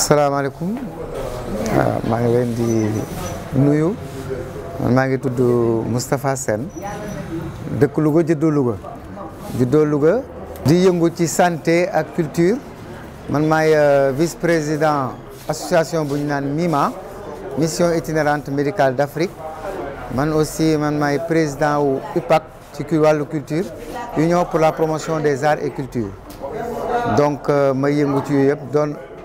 Salam alaikum. je nuyu Moustapha di santé ak culture man suis euh, vice président association l'association MIMA mission itinérante médicale d'Afrique man aussi président de UPAC union pour la promotion des arts et cultures. donc je euh, suis ci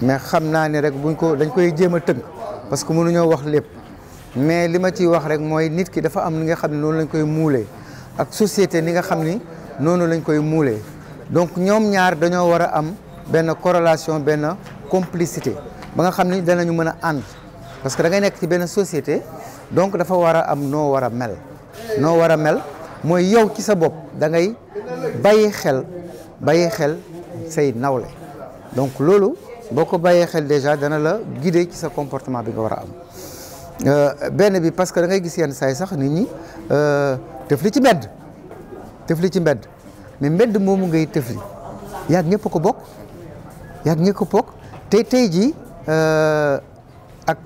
mais xam naa ne rek bu buñ ko dañ koy jéem a tënk parce que mënuñoo wax lépp mais li ma ciy wax rek mooy nit ki dafa am li nga xam ne noonu lañ koy muulee ak société ni nga xam ni noonu lañ koy muulee donc ñoom ñaar dañoo war a am benn corrélation benn complicité ba nga xam ni danañu mën a ànd parce que da ngay nekk ci benn société donc dafa war a am noo war a mel noo war a mel mooy yow ci sa bopp da ngay bàyyi xel bayi xel say nawle donc loolu boko baye xel deja dana la guidé ci sa comportement bi nga wara a euh ben bi parce que da ngay gis yenn say sax nit ñi def euh, li ci mbedd def li ci mbedd mais mbedd moomu ngay tëf li yaag ñëpp ko bok yaag ñëpp ko tay te ji euh ak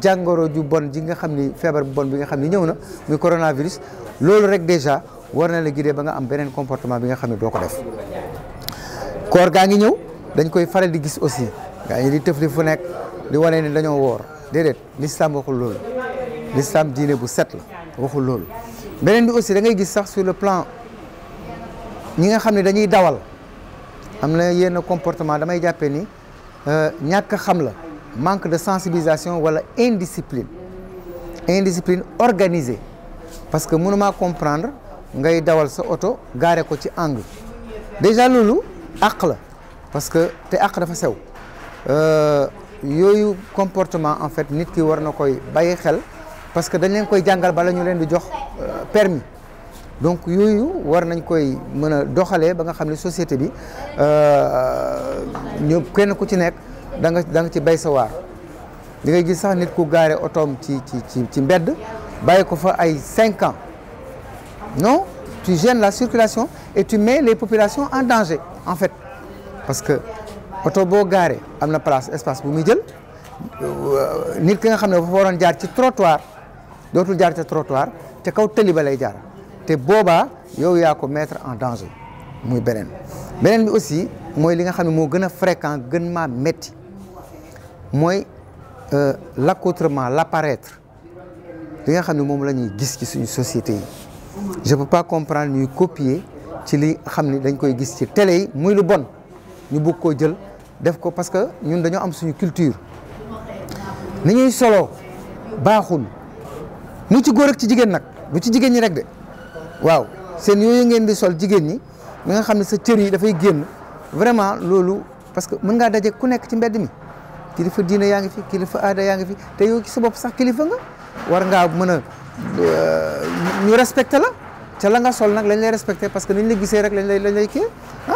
jangoro ju bon ji nga xamni ni bu bon bi nga xamni ni ñëw na muy coronavirus lolu rek deja war na la guidé ba nga am benen comportement bi nga xamni doko doo ko def koor ngi ñëw dañ koy faral di aussi ñi di fu di l'islam waxul loolu l'islam diine bu set la waxul aussi da ngay sur le plan nous nga xam dañuy dawal am na yenn comportement damay jàppee ni euh, ñàkk xam manque de sensibilisation wala indiscipline indiscipline organisée parce que mënumaa comprendre ngay dawal sa ko angle déjà loolu parce que te ak dafa sew euh yoyu comportement en fait nit ki warna koy baye xel parce que dañ leen koy jangal bala ñu leen di jox euh, permis donc yoyu war nañ koy mën a ba nga xamni société bi euh ñu kenn ku ci nek da nga da nga ci bay sa war di ngay gis sax nit ku garé otoom ci ci ci ci mbedd baye ko fa ay 5 ans non tu gênes la circulation et tu mets les populations en danger en fait parce que auto bo garé amna place espace bu muy jël euh, nit ki nga xamné ne fa waroon jaar ci trottoir dootul jaar ci trottoir te kaw teli ba lay jaar té boba yow ya ko mettre en danger muy benen benen bi aussi moy li nga xamné mo gëna gën a fréquent gën maa metti euh, l'accoutrement l'apparaître li nga xamné ne lañuy la gis ci suñu société je peux pas comprendre ñuy copier ci li xam ne dañ koy gis ci télé muy lu bon ñu bëgg ko jël def ko parce que ñun dañu am suñu culture ni ñuy solo baaxul ñu ci goor ak ci jigen nak bu ci jigen ñi rek de waaw seen yooyu ngeen di sol jigen ñi mi nga xamni sa cër yi fay genn vraiment lolu parce que mën nga dajé ku nekk ci mbedd mi kilifa diina yaangi fi kilifa aada yaangi fi te yow ci sa bop sax kilifa nga war nga mëna euh, ñu respecté la ci la nga sol nak lañ lay respecté parce que niñ la rek lañ lay lañ lay ha ah.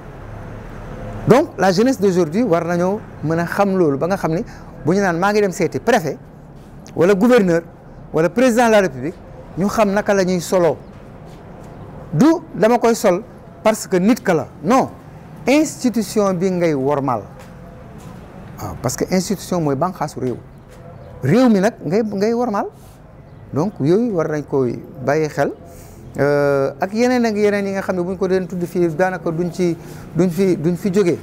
donc la jeunesse d'aujourd'hui war nañoo mën a xam loolu ba nga xam ni bu ñu naan ngi dem seeti préfet wala gouverneur wala président de la république ñu xam naka la solo. du dama koy sol parce que nit ka la non institution bi ngay wormal parce que institution mooy bànqaasu réew réew mi nag ngay ngay wormal donc yoy war nañ koy xel Euh, ak yeneen ak yeneen yi nga xam ne bu ñu ko doon tudd fii daanaka duñ ci duñ fi duñ fi jóge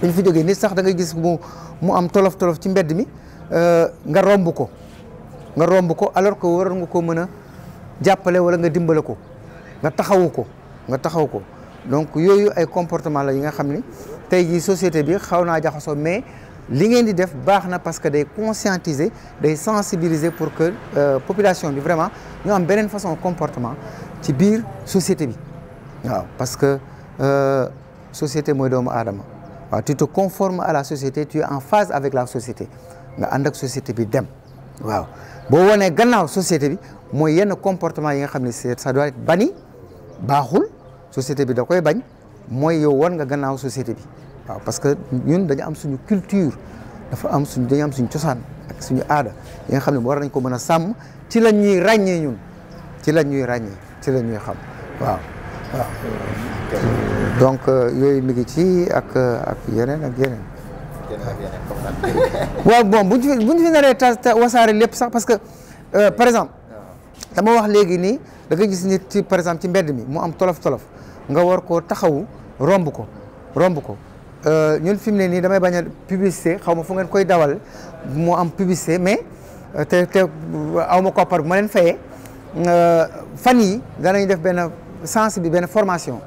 duñ fi jógee nit sax da ngay gis mu mu am tolof tolof ci mbedd mi euh, nga romb ko nga romb ko alors que waroon nga ko mën a jàppale wala nga dimbale ko nga taxawu ko nga taxaw ko donc yooyu ay comportement la yi nga xam ni tey jii société bi xaw naa jaxasoo mais. li ngeen di def parce que day conscientiser de sensibiliser pour que la euh, population bi vraiment ñu am belle façon comportement ci biir société bi waaw parce que euh, société est doomu aadama tu te conformes à la société tu es en phase avec la société nga société est société bi dem waaw est dans gannaaw société bi mooy un comportement yi nga xam ne ça doit être banni baaxul société bi da koy bañ mooy yow won nga gannaaw société bi waaw parce que ñun dañu am suñu culture dafa am suñu dañu am suñu cosaan ak suñu aada yi nga xam ne war nañ ko mën a sàmm ci lañ ñuy ràññee ñun ci lañ ñuy ràññee ci lañ ñuy xam waaw waaw donc euh, yooyu mi ngi ci ak ak yeneen ak yeneen waaw bon buñ fi buñ fi naree ta ta wasaare lépp sax parce que euh, par exemple dama wax léegi ni da nga gis nit ci par exemple ci mbedd mi mu am tolof tolof nga war koo taxawu romb ko romb ko Euh, ñun fi mu ne nii damay bañ a publicité xaw ma fu ngeen koy dawal moo am publicité mais euh, te te aw ma koppar bu ma leen fayee euh, fan yi danañ def benn sens bi benn formation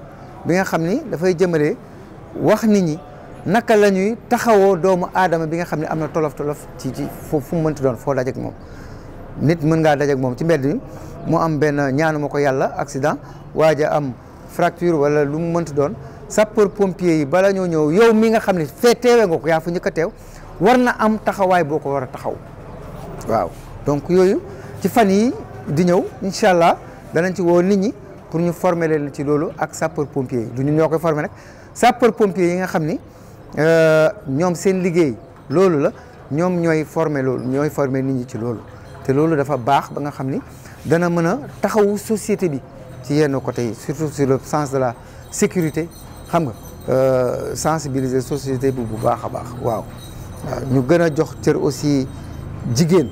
bi nga xam ni dafay jëmale wax nit ñi naka la ñuy taxawoo doomu aadama bi nga xam ne am na tolof tolof ci ci fu mu mënti doon foo dajeek moom nit mën ngaa dajeek moom ci mbedd mi mu am benn ñaanu ma ko yàlla accident waaja am fracture wala lu mu mënti doon sapeur pompier yi bala ñëw ñëw yow mi nga xam ne fee teewee nga ko yaa fu njëkk a teew war na am taxawaay boo ko war a taxaw waaw donc yooyu ci fan yi di ñëw incha allah danañ ci wow nit ñi pour ñu former leen ci loolu ak sapeur pompier yi du ñu ñoo koy former nag sapeur pompier yi nga xam ni euh, ñoom seen liggéey loolu la ñoom ñooy former loolu ñooy former nit ñi ci loolu te loolu dafa baax ba nga xam ni dana mën a taxawu société bi ci yenn côté yi surtout sur le sens de la sécurité xam nga euh, sensibiliser société bi bu baax a baax waaw. Euh, ñu gën a jox cër aussi jigéen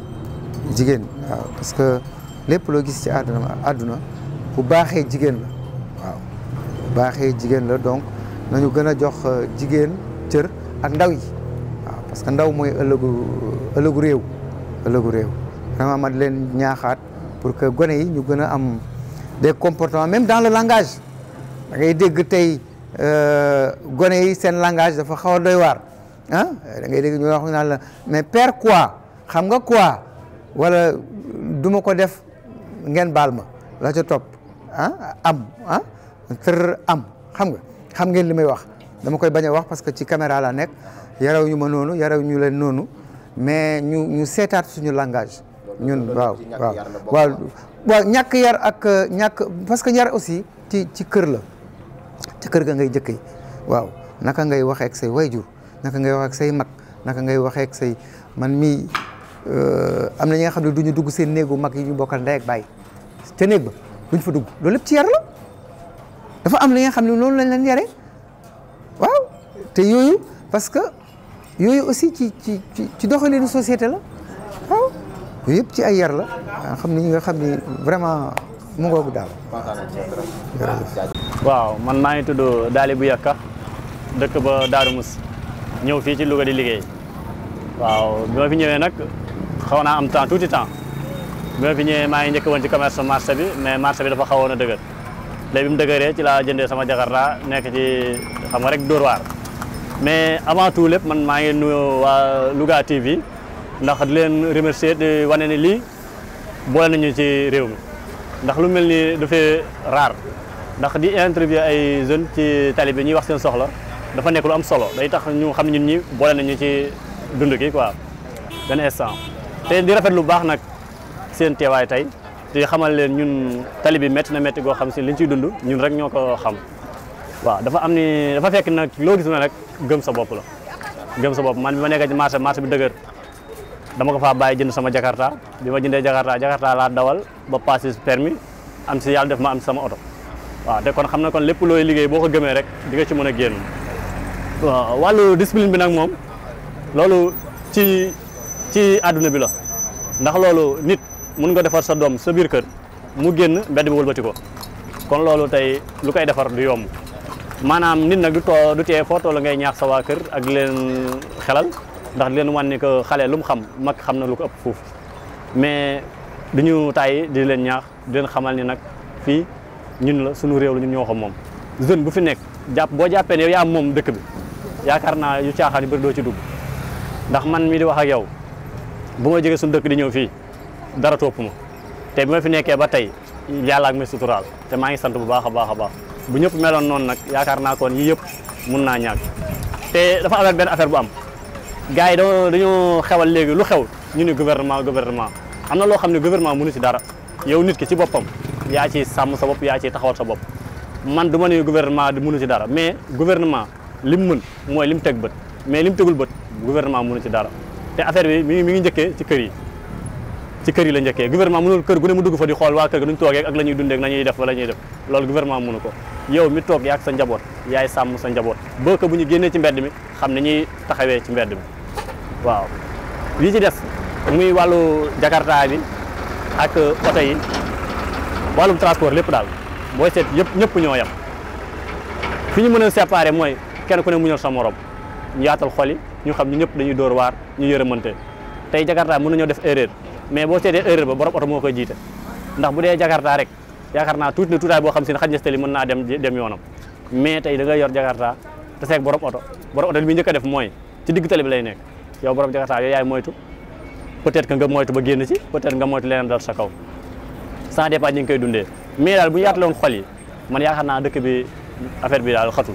jigéen waaw parce que lépp loo gis ci àdduna àdduna bu baaxee jigéen la waaw bu baaxee jigéen la donc nañu gën a jox euh, jigéen cër ak ndaw yi parce que ndaw mooy ëllëgu ëllëgu réew ëllëgu réew vraiment ma leen ñaaxaat pour que gone yi ñu gën a am de comportements même dans le langage da dégg tey Euh, gone yi seen langage dafa xaw a doy waar ah da ngay dégg ñu wax naan la mais per quoi xam nga quoi wala duma ko def ngeen baal ma la ca top ah am ah tër am xam nga xam ngeen li may wax dama koy bañ a wax parce que ci camera laa nekk yaraw ñu ma noonu yaraw ñu leen noonu mais ñu ñu seetaat suñu langage ñun waaw waaw waaw yar ak ñàkk parce que yar aussi ci ci kër la ci kër ga ngay jëkke waaw naka ngay waxee ak say wayjur naka ngay wax ak say mak naka ngay waxee ak say man mi euh amna ñinga nga duñu dugg seen neegu mak yi ñu bokkal nday ak bay ca neeg ba buñ fa dugg loolu lépp ci yar la dafa am na nga xam loolu lañ leen yaré waaw te yoyu parce que yoyu aussi ci ci ci ni société la waaw yooyu yëpp ci ay yar la xamni xam ne nga xam vraiment mu ngoogu daal. waaw man maa ngi tudd Daali bu Yakka dëkk ba Daaru Mus ñëw fii ci Louga di liggéey waaw bi ma fi ñëwee nag xaw naa am temps tuuti temps bi ma fi ñëwee maa ngi njëkk woon ci commerce marché bi mais marché bi dafa xawoon a dëgër léegi bi mu dëgëree ci laa jëndee sama jakarta nekk ci xam nga rek Dóor waar mais avant tout lépp man maa ngi nu waa Louga TV ndax di leen remercier di wane ne lii boole nañu ci réew mi ndax lu mel ni dafay raar ndax di interview ay jeune ci talib ñi wax seen soxla dafa nek lu am solo day tax ñu xam ñun ñi boole nañu ci dund gi quoi ben instant té di rafet lu baax nak seen téway tay di xamal leen ñun talibé metti na metti go xam ci liñ ci dund ñun rek ñoko xam wa dafa am ni dafa fekk nak lo gis na rek gëm sa bop la gëm sa bop man bima nekk ci marché marché bi dëgër dama ko fa baye jënd sama jakarta bima ma jakarta jakarta la dawal ba passé permis am ci yalla def ma am sama auto waaw de kon xam na kon lépp looy liggéey boo ko gëmee rek di nga ci mën a génn waaw wàllu discipline bi nag moom loolu ci ci àdduna bi la ndax loolu nit mun nga defar sa doom sa biir kër mu génn mbedd bi wëlbati ko kon loolu tey lu koy defar du yomb maanaam nit nag du too du tee foo toll ngay ñaax sa waa kër ak leen xelal ndax leen wan ni que xale lu mu xam mag xam na lu ko ëpp fuuf mais duñu tàyyi di leen ñaax di leen xamal ni nag fii ñun la suñu réew la ñun ñoo xam moom jeune bu fi nekk jàpp boo jàppee ne yow yaa moom dëkk bi yaakaar naa yu caaxaan yu bëri doo ci dugg ndax man mii di wax ak yow bu ma jegee suñu dëkk di ñëw fii dara topp ma te bi fi nekkee ba tey yàlla ak may suturaal te maa ngi sant bu baax a baax a baax bu ñëpp meloon noonu nag yaakaar naa kon yi yëpp mun naa ñàkk te dafa am benn affaire bu am gars yi da dañoo xewal léegi lu xew ñu ne gouvernement gouvernement am na loo xam ne gouvernement mënu ci dara yow nit ki ci boppam Ya, ci sam sa bop ya ci taxawal sa bop man duma ma gouvernement di mënu ci dara mais gouvernement lim mën moy lim teg beut mais lim tegul beut gouvernement mënu ci dara te affaire bi mi ngi mi ci kër yi ci kër yi la ñëkke gouvernement mënul kër gu ne mu dugg fa di xol wa kër gi nuñ toogee ak lañuy dundé ak lañuy def wala ñuy def lool gouvernement mënu ko yow mi tok yaag sa njabot yaay sam sa njabot bo ko buñu génné ci mi xam ne taxawé ci mbedd mi waaw li ci dess muy walu jakarta bi ak auto yi walum transport lepp dal booy set yep ñep ñoo yam fiñu mëna séparer moy kenn ku ne muñal sa morom ñu yaatal xol ñu xam ñu ñep dañuy door waar ñu yërëmante tay jakarta mën nañoo def erreur mais bo sété erreur ba borom auto moko jité ndax bu dé jakarta rek yaakaar naa tuuti na tuutaay bo xam seen xajna stéli na dem dem yoonam mais tay da nga yor jakarta te sék borom auto borom auto li ñëk def moy ci digg tali bi lay nekk yow borom jakarta yow yaay moytu peut-être que nga moytu ba génn ci peut-être nga moytu leneen dal sa kaw sans dépendre ni nga koy dundee mais daal bu ñu yaataloon xol yi man yaakaar naa dëkk bi affaire bi daal xatul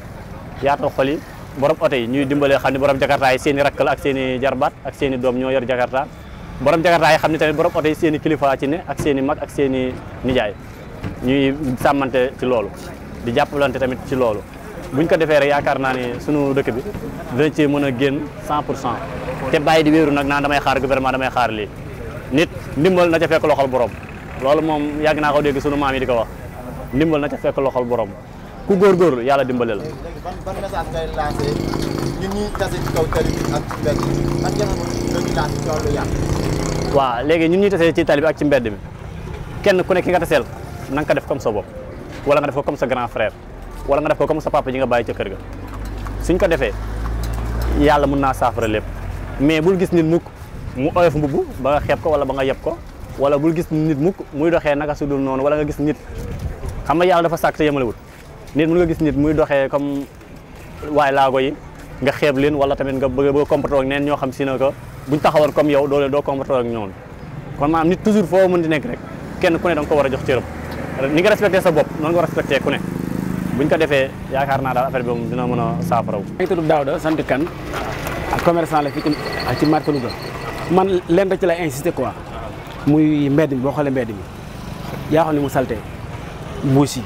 yaatal xol yi borom oto ñuy dimbalee xam ne borom jakarta yi seen i rakk la ak seen i jarbaat ak seen i doom ñoo yor jakarta borom jakarta yi xam ne tamit borom oto yi seen i kilifa ci ne ak seen mag ak seen nijaay ñuy sàmmante ci loolu di jàppalante tamit ci loolu buñ ko defee rek yaakaar naa ne sunu dëkk bi dinañ ci mën a génn 100 pour cent te bàyyi di wéeru nag naan damay xaar gouvernement damay xaar lii nit ndimbal na ca fekk loxol borom lolou mom yag na ko deg suñu mam yi diko wax ndimbal na ci fekk loxol borom ku gor gor dimbale la. ban ban message ñun ñi tassé ci talib ak ci mbedd mi bi kenn ku ki nga tassel nang ka def comme sa bop wala nga def ko comme sa grand frère wala nga def ko comme sa papa ji nga baye ci kër ga suñ ko défé yalla mëna saafara mais bu gis nit mu oyof mbubu ba nga xeeb ko wala ba nga yeb ko. wala bul gis nit mukk muy doxee naka su dul noonu wala nga gis nit xam nga yàlla dafa sàkk te yemalewut nit mun nga gis nit muy doxee comme waaye laago yi nga xeeb leen wala tamit nga bëgg bëgg comporter ak neen ñoo xam si ne que buñ taxawoon comme yow doole doo comporter ak ñoom kon maanaam nit toujours foo mën di nekk rek kenn ku ne da nga ko war a jox cëram ni nga respecté sa bopp noonu nga respecté ku ne buñ ko defee yaakaar naa daal affaire bi moom mën a saafaraw maa ngi tudd Daouda sant Kane la ci marché Louga man leen rek ci la insister quoi muy mbedd mi boo xoolee mbedd mi yaa xam ne mu salte mbuus yi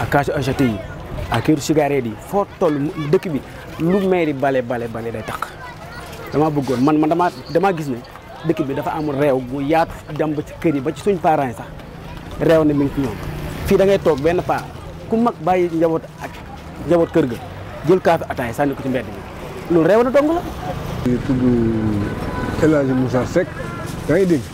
ak kaasu acheté yi ak këru cigarette foo toll dëkk bi lu maire yi bale bale bale day tax dama bëggoon man man dama damaa gis ne dëkk bi dafa amul réew bu yaatu dem ba ci kër yi ba ci suñ parents yi sax réew na mi ngi ñoom fii da ngay toog benn paa ku mag bàyyi njaboot ak njaboot kër ga jël kaafi ataay sànni ko ci mbedd mi loolu réew na dong la tudd El Hadji Moussa Seck yaa ngi dégg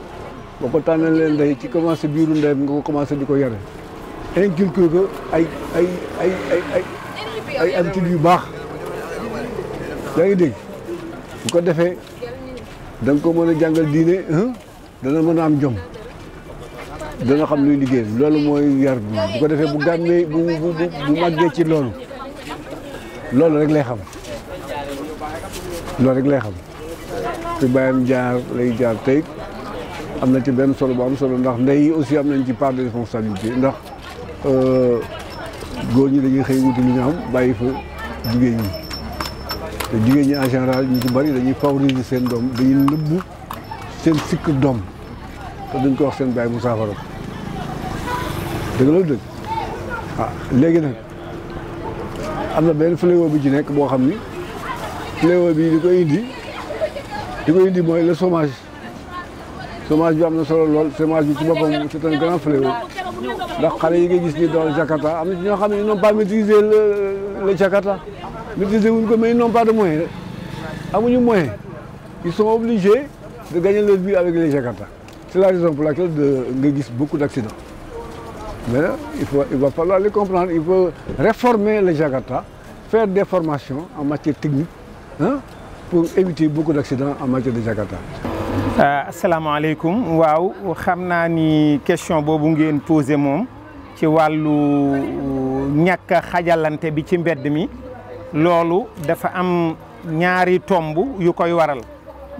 boo ko tànnalee ndey ci commencé biiru ndeyam nga ko commencé di ko yare inculqué ko ay ay ay ay ay ay habitudes yu baax yaa ngi dégg bu ko defee da ko mën a jàngal diine dana mën a am jom dana xam luy liggéey loolu mooy yar bi bu ko defee bu gàmmee bu bu bu màggee ci loolu loolu rek lay xam loolu rek lay xam te bàyyam jaar lay jaar tey am na ci benn solo bu am solo ndax ndey aussi am nañ ci part de responsabilité ndax euh, góor ñi dañuy xëy wuti ñu am bàyyi fa jigéen ñi te jigéen ñi en général ñu ci bari dañuy favoriser seen doom dañuy nëbbu seen sikk doom te duñ ko wax seen bàyyi mu saafara dëgg la dëgg ah léegi nag am na benn fléau bi ci nekk boo xam ni fléau bi li koy indi li koy indi mooy le somage c'est un grand fléau La Jakarta ils n'ont pas maîtrisé le le Jakarta maîtrisé mais ils n'ont pas de moins, ils sont obligés de gagner leur vie avec les Jakarta c'est la raison pour laquelle de nga beaucoup d'accidents mais il faut il va falloir les comprendre il faut réformer les Jakarta faire des formations en matière technique hein, pour éviter beaucoup d'accidents en matière de Jakarta Euh, asalaamaaleykum waaw xam naa ni question boobu ngeen posé moom ci wàllu ñàkk xajalante bi ci mbedd mi loolu dafa am ñaari tomb yu koy waral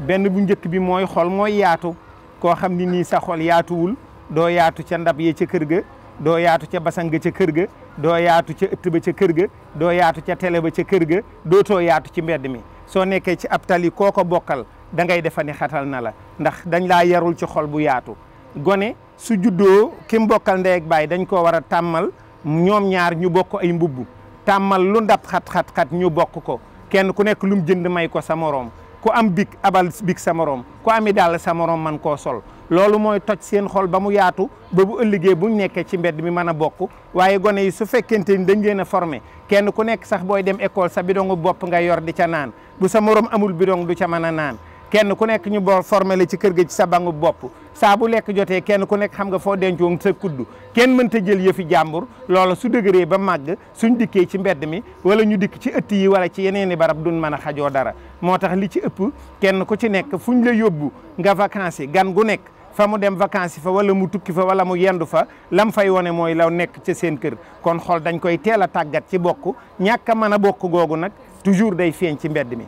benn bu njëkk bi mooy xol mooy yaatu koo xam ni nii sa xol yaatuwul doo yaatu ca ndab ya ca kër ga doo yaatu ca basanga ca kër ga doo yaatu ca ëtt ba ca kër ga doo yaatu ca télé ba ca kër ga dootoo yaatu ci mbedd mi soo nekkee ci aptali koo ko bokkal da ngay defa ne xatal na la ndax dañ laa yarul ci xol bu yaatu gone su juddoo kim bokkal ndey ak baay dañ koo war a tàmmal ñoom ñaar ñu bokk ay mbubb tàmmal lu ndab xat xat ñu bokk ko kenn ku nekk lu mu jënd may ko sa moroom ku am bik abal bik sa moroom ku ami dàll sa moroom man koo sol loolu mooy toj seen xol ba mu yaatu ba bu ëllëgee buñ nekkee ci mbedd mi mën a bokk waaye gone yi su fekkente ni dañ leen a formé kenn ku nekk sax booy dem école sa bidongu bopp nga yor di ca naan bu sa moroom amul bidong du ca mën a naan kenn ku nekk ñu boo formé la ci kër ga ci sa bangu bopp saa bu lekk jotee kenn ku nekk xam nga foo dencoon sa kuddu kenn mënta jël yëfi jàmbur loola su dëgëree ba màgg suñ dikkee ci mbedd mi wala ñu dikk ci ëtt yi wala ci yeneeni barab duñ mën a xajoo dara moo tax li ci ëpp kenn ku ci nekk fu ñu la yóbbu nga vacances gan gu nekk fa mu dem vacances fa wala mu tukki fa wala mu yendu fa lam fay wone mooy la nekk ca seen kër kon xool dañ koy teel a tàggat ci bokk ñàkk mën a bokk googu nag toujours day feeñ ci mbedd mi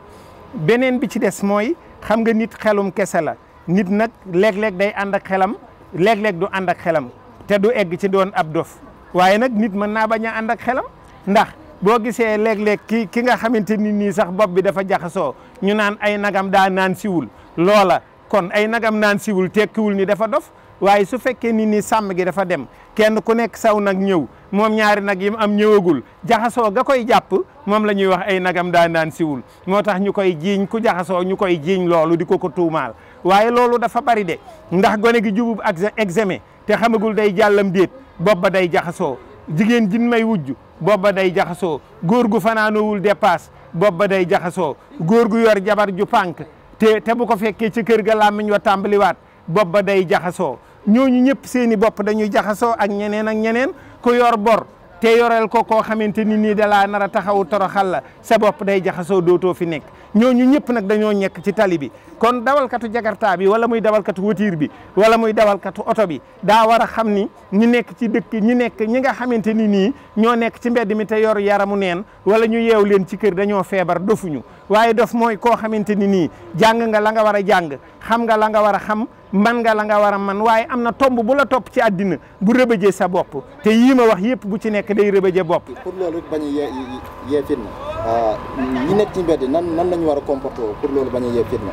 beneen bi ci des mooy xam nga nit xelum kese la nit nag léeg-léeg day ànd ak xelam léeg-léeg du ànd ak xelam te du egg ci doon ab dof waaye nag nit mën naa bañ a ànd ak xelam ndax boo gisee léeg-léeg ki ki nga xamante ni nii sax bopp bi dafa jaxasoo ñu naan ay nagam daa naan siwul loola kon ay nagam naan siwul tekkiwul ni dafa dof waaye su fekkee ni nii sàmm gi dafa dem kenn ku nekk saw nag ñëw moom ñaari nag yi mu am ñëwagul jaxasoo ga koy jàpp moom la ñuy wax ay nagam daan siwul moo tax ñu koy jiiñ ku jaxasoo ñu koy jiiñ loolu di ko ko tuumaal waaye loolu dafa bari de ndax gone gi jubub ak examen te xamagul day jàllam déet bopp ba day jaxasoo jigéen jin may wujj bopp ba day jaxasoo góor gu fanaanoowul dépasse bopp ba day jaxasoo góor gu yor jabar ju pànk te te bu ko fekkee ci kër ga làmmiñ wa tàmbaliwaat bopp ba day jaxasoo ñooñu ñëpp seeni bopp dañuy jaxasoo ak ñeneen ak ñeneen ku yor bor te yoreel ko koo xamante ni nii dalaa nar a taxawu toroxal la sa bopp day jaxasoo dootoo fi nekk ñooñu ñëpp nag dañoo ñekk ci tali bi kon dawalkatu jakarta bi wala muy dawalkatu voiture bi wala muy dawalkatu oto bi daa war a xam ni ñu nekk ci dëkk ñu nekk ñi nga xamante ni nii ñoo nekk ci mbedd mi te yor yaramu neen wala ñu yeew leen ci kër dañoo feebar dofuñu waaye dof mooy koo xamante ni nii jàng nga la nga war a jàng xam nga la nga war a xam man nga la nga war a man waaye am na tomb bu la topp ci àddina bu rëbëjee sa bopp te yii ma wax yëpp bu ci nekk day rëbëjee bopp. pour loolu bañ a yee yee ah, ñi nekk ci mbedd nan nan la ñu war a comporter loolu bañ a yee fitna.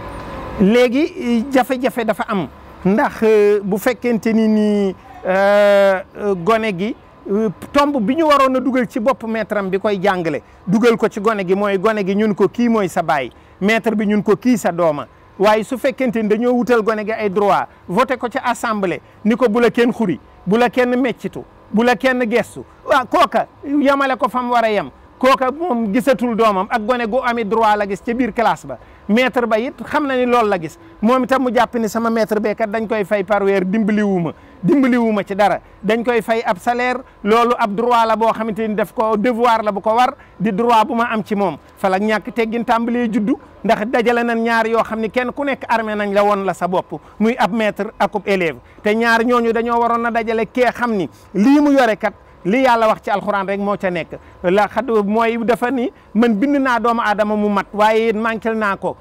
léegi jafe-jafe dafa am ndax euh, bu fekkente ni nii euh, gone gi. Euh, tomb bi ñu waroon a dugal ci bopp maître am bi koy jàngale dugal ko ci gone gi mooy gone gi ñun ko kii mooy sa baay maître bi ñun ko kii sa dooma waaye su fekkente ni dañoo wutal gone gi ay droit voté ko ci assemblée ni ko bula la kenn xuri bu la kenn meccitu bu la kenn gestu waaw kooka yamale ko fam war a yem kooka moom gisatul doomam ak gone gu ami droit la gis ca biir classe ba maître ba it xam na ni loolu la gis moom itam mu jàpp ni sama maître beekat dañ koy fay par weer dimbaliwuma dimbaliwuma ci dara dañ koy fay ab salaire loolu ab droit la boo xamante ni daf ko devoir la bu ko war di droit bu ma am ci moom falak ñàkk teggin tàmbalee juddu ndax dajale nañ ñaar yoo xam ni kenn ku nekk armé nañ la woon la sa bopp muy ab maître akub élève te ñaar ñooñu dañoo waroon na dajale kee xam ni lii mu yore kat li yàlla wax ci alkuraan rek moo ca nekk la xad mooy dafa ni man bind naa doomu aadama mu mat waaye manquel naa ko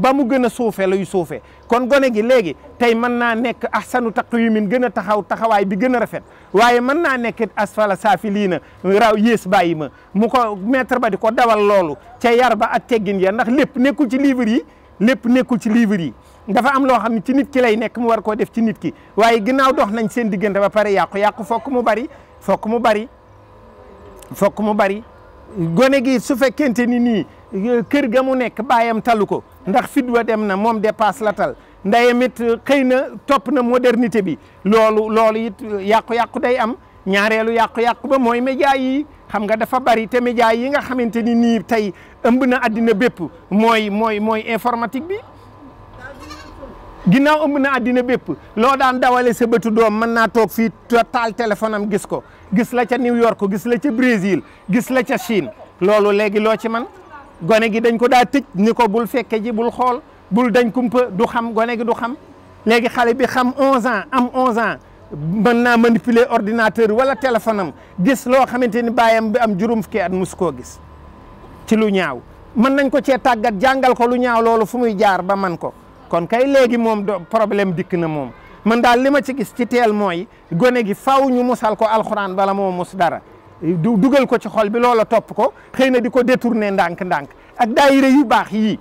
ba mu gën a suufe lay suufe kon gone gi léegi tey mën naa nekk ahsanu taqwimin gën a taxaw taxawaay bi gën a rafet waaye mën naa nekk asfala saafiliina raw yées bàyyi ma mu ko maître ba di ko dawal loolu ca yar ba ak teggin ya ndax lépp nekkul ci livre yi lépp nekkul ci livre yi dafa am loo xam ne ci nit ki lay nekk mu war koo def ci nit ki waaye ginnaaw dox nañ seen diggante ba pare yàqu yàqu fokk mu bari fokk mu bari fokk mu bari gone gi su fekkente ni nii euh, kër ga mu nekk baayam talu ko ndax fit wa dem na moom dépasse la tal ndeyam it euh, xëy na topp na modernité bi loolu loolu it euh, yàqu-yàqu day am ñaareelu yàqu-yàqu ba mooy média yi xam nga dafa bari te média yi nga xamante ni nii tey ëmb na àddina bépp mooy mooy mooy informatique bi ginnaaw ëmb na àddina bépp loo daan dawale sa bëtu doom mën naa toog fii taal téléphone am gis ko gis la ca New York gis la ca Brésil gis la ca Chine loolu léegi loo ci man gone gi dañ ko daa tëj ni ko bul fekke ji bul xool bul dañ kumpa du xam gone gi du xam léegi xale bi xam 11 ans am 11 ans mën naa manipuler ordinateur wala téléphone am gis loo xamante ni bàyyam bi am juróom fukki at mus koo gis ci lu ñaaw mën nañ ko cee tàggat jàngal ko lu ñaaw loolu fu muy jaar ba man ko kon kay léegi moom problème dikk na moom man daal li ma ci gis ci teel mooy gone gi faw ñu musal ko alxuraan bala moo mus dara du dugal ko ci xol bi loola topp ko xëy na di ko détourné ndànk-ndànk ak daayira yu baax yii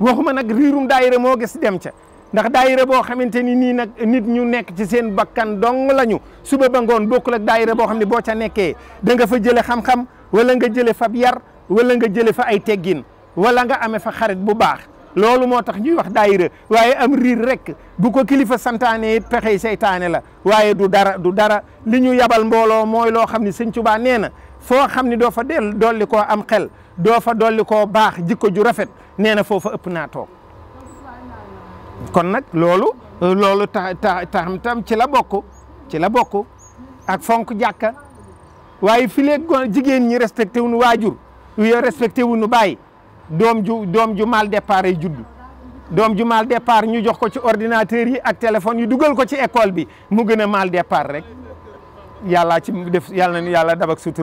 waxuma nag riirum daayira moo gis dem ca ndax daayira boo xamante ni nii nag nit ñu nekk ci seen bakkan dong lañu suba ba ngoon bokkul ak daayira boo xam ne boo ca nekkee da nga fa jële xam-xam wala nga jële fa yar wala nga jële fa ay teggin wala nga amee fa xarit bu baax loolu moo tax ñuy wax daayira waaye am riir rek bu ko kilifa santaane it pexey seytaane la waaye du dara du dara li ñu yabal mbooloo mooy loo xam ne sëñ Tuubaa nee na foo xam ne doo fa del dolli ko am xel doo fa dolli koo baax jikko ju rafet nee na foofa ëpp naa toog kon nag loolu loolu tax tax tam ci la bokk ci la bokk ak fonk jàkka waaye fileeg jigéen ñi respecté wuñu waajur yo respecté wuñu baay doom ju doom ju mal départ ay juddu doom ju mal départ ñu jox ko ci ordinateur yi ak téléphone yi dugal ko ci école bi mu gën a mal départ rek yàllaa ci def yàlla na yàlla dabak sutur